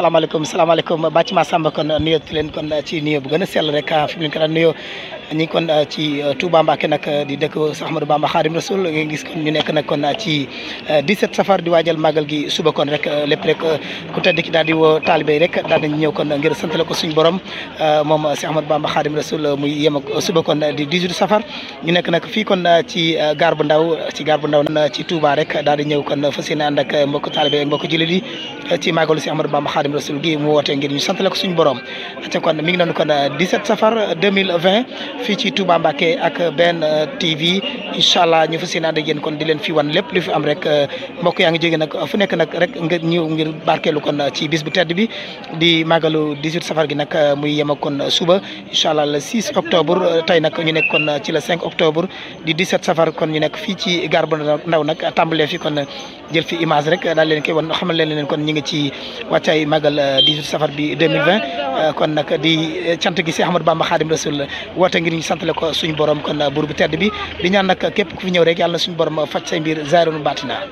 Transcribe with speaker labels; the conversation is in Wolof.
Speaker 1: salaamaaleykum salaamaaleykum Bathima Samb kon nuyoo leen kon ci nuyoo bu gën a sell rek fi mu leen ko daan nuyoo ñu kon ah, ci ah, Touba Mbacké nag ah, di dëkk Cheikh Ahmadou Bamba Khadim Rasoul nga gis kon ñu nekk nag kon ci 17 safar di waajal màggal gi suba kon rek lépp rek ku tedd ki daal di woo taalibe rek daal nañu ñëw kon ngir sant la ko suñu borom moom Cheikh Ahmadou Bamba Khadim Rasoul muy yem ak suba kon di 18 safar ñu nekk nag fii kon ci gaar bu ndaw ci gaar bu ndaw ci Touba rek daal di ñëw kon fas yéene ànd ak mbokk taalibe ak mbokk jullit yi ci màggalu Cheikh Ahmadou Bamba Khadim Rasoul gi mu woote ngir ñu sant la ko suñu borom te kon mi ngi safar fii ci Touba Mbacké ak benn euh, TV incha allah ñu fa seen ànd ak yéen kon di leen fi wan lépp lu fi am rek euh, mbokk yaa ngi jege nag fu nekk nag rek nga ñëw ngir barkeelu kon euh, ci bis bu tedd bi di màggalu 18 safar gi nag muy yem kon suba incha allah le octobre tey nag ñu nekk kon ci le 5 octobre di 17 safar kon ñu nekk fii ci gare bu ndaw nag tàmbalee fi kon jël fi image rek daal leen koy wan xamal leen leen kon ñu ngi ci wàccaay magal 18 safar bi 2020 Eh, kon nag di eh, cant gi si Ahmadu Bamba Xaadim Rasul woote ngir ñu sant la ko suñu borom kon eh, buur bu tedd bi di ñaan nag képp ku fi ñëw rek yàlla na suñu borom faj say mbir zaaroonu baatina